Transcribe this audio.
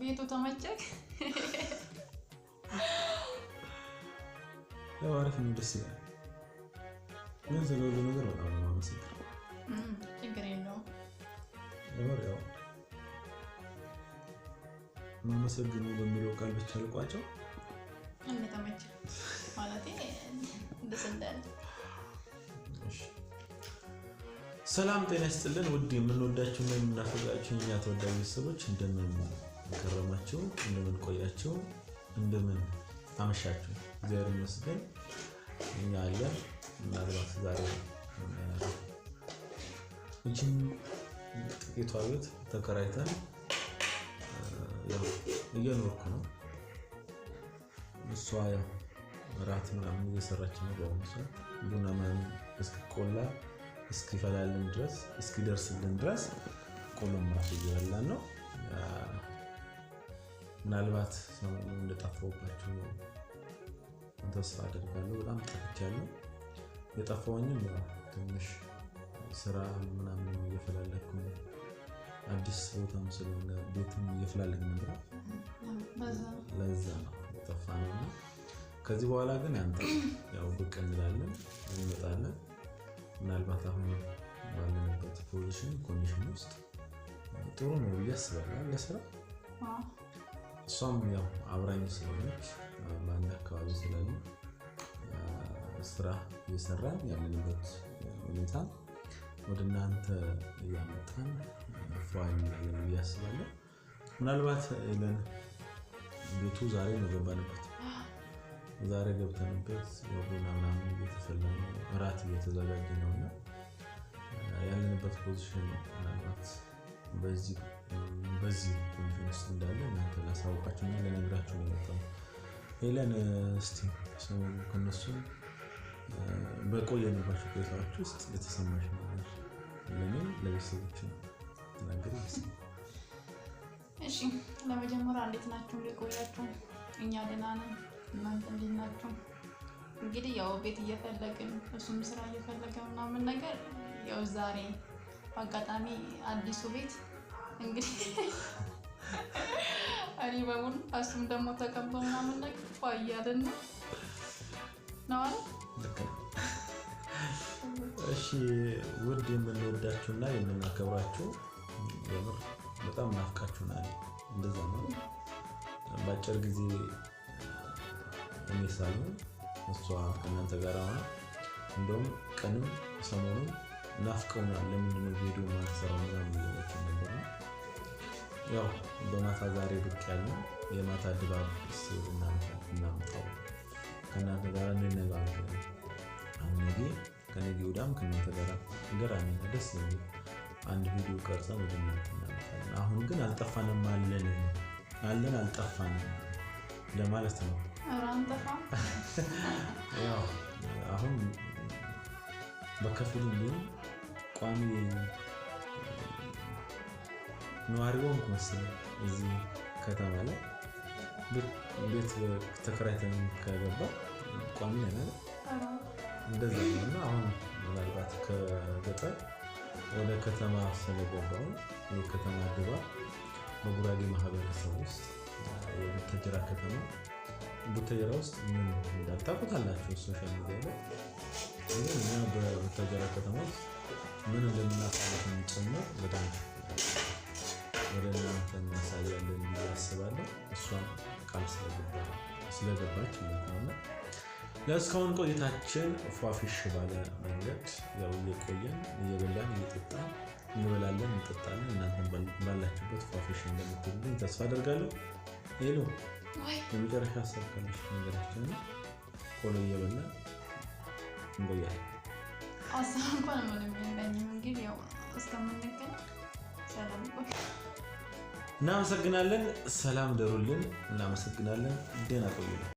ቤቱ ተመቸክ? ያው አሪፍ ነው፣ ደስ ይላል። ግን ስለ ሁሉ ነገር በጣም ነው የማመሰግነው። ችግር የለውም። ያው ማመሰግነው በሚለው ቃል ብቻ ልቋጨው። እንደተመቸ ማለቴ ደስ እንዳለ ሰላም ጤና ይስጥልን። ውድ የምንወዳችሁና የምናፈቃችሁ የኛ ተወዳጅ ቤተሰቦች እንደምን ከረማችሁ? እንደምን ቆያችሁ? እንደምን አመሻችሁ? እግዚአብሔር ይመስገን እኛ አለን። ምናልባት ዛሬ እጅም ጥቂቷ ቤት ተከራይተን እየኖርኩ ነው። እሷ ያው እራት ምናምን እየሰራች ነው። በአሁኑ ሰዓት ቡና ምናምን እስኪቆላ እስኪፈላልን ድረስ እስኪደርስልን ድረስ ቆሎ ምራት እየበላን ነው። ምናልባት እንደጠፋሁባችሁ ተስፋ አደርጋለሁ። በጣም ጠፍቻለሁ። የጠፋሁኝም ትንሽ ስራ ምናምን እየፈላለኩ አዲስ ቦታም ስለሆነ ቤትም እየፈላለግ ነበር። ለዛ ነው የጠፋ ነው እና ከዚህ በኋላ ግን ያንተ ያው ብቅ እንላለን እንመጣለን። ምናልባት አሁን ባለንበት ፖዚሽን ኮንዲሽን ውስጥ ጥሩ ነው ብዬ አስባለሁ ለስራ እሷም ያው አብራኝ ስለሆነች በአንድ አካባቢ ስለሆነ ስራ እየሰራን ያለንበት ሁኔታ ወደ እናንተ እያመጣን ፍራኝ ያለን ምናልባት ለን ቤቱ ዛሬ ነው ገባንበት። ዛሬ ገብተንበት ቡና ምናምን ነው፣ እራት እየተዘጋጀ ነው እና ያለንበት ፖዚሽን ነው ምናልባት በዚህ ኮንፈረንስ ውስጥ እንዳለ እናንተ ላሳውቃችሁ ለነግራችሁ ነው ሄለን እስቲ ሰው ከነሱ በቆየንባቸው ቆይታዎች ውስጥ የተሰማሽ ነገር ለእኔ ለቤተሰቦች ነገር ይመስል። እሺ ለመጀመሪያ እንዴት ናችሁ? ሊቆያችሁ እኛ ደህና ነን። እናንተ እንዴት ናችሁ? እንግዲህ ያው ቤት እየፈለግን እሱም ስራ እየፈለገ ምናምን ነገር ያው ዛሬ በአጋጣሚ አዲሱ ቤት እንግዲህ አሪበቡን እሱም ደግሞ ተቀምጦ ምናምን ላይ ፏ እያለን ነው እሺ ውድ የምንወዳችሁና የምናከብራችሁ የምር በጣም ናፍቃችሁናል። እንደዛ ነው። በአጭር ጊዜ እኔ ሳሉ እሷ ከእናንተ ጋር ሆነ እንደውም ቀንም ሰሞኑን ናፍቀውናል። ለምንድን ነው ቪዲዮ ማንሰራው ምናምን እያለችን ነበር። ያው በማታ ዛሬ ብቅ ያለ የማታ ድባብ እናምጣው ከእናንተ ጋር እንነጋገር። አሁን ነገ ከነገ ወዲያም ከእናንተ ጋር ገራሚ ደስ የሚል አንድ ቪዲዮ ቀርጸን ወደ እናንተ እናመጣለን። አሁን ግን አልጠፋንም፣ አለን አለን አልጠፋንም ለማለት ነው። አሁን በከፊል ቢሆን ቋሚ ነዋሪ ሆንኩ መሰለኝ እዚህ ከተማ ላይ ቤት ተከራይተን ከገባ ቋሚ ነን። እንደዛ እና አሁን ምናልባት ከገጠር ወደ ከተማ ስለገባውን የከተማ ድባ በጉራጌ ማህበረሰብ ውስጥ የቡታጀራ ከተማ ቡታጀራ ውስጥ ምን እንዳታውቁት ሶሻል ሚዲያ ላይ እኛ በቡታጀራ ከተማ ውስጥ ምን እንደምናሳልፍ ነው ጭምር በደንብ ወደ እናንተ እናሳያለን ብዬ አስባለሁ። እሷም ቃል ስለገባች ነውና ለእስካሁን ቆይታችን ፏፊሽ ባለ መንገድ ያው እየቆየን እየበላን እየጠጣን እንበላለን እንጠጣለን። እናንተም ባላችሁበት ፏፊሽ እንደምትሉኝ ተስፋ አደርጋለሁ። ሄሎ የመጨረሻ ሰብከነች ነገራችን ነው። ቆሎ እየበላን እንቆያለን። አስር እንኳን ሰላም እናመሰግናለን። ሰላም ደሩልን። እናመሰግናለን። ደና ቆዩልን።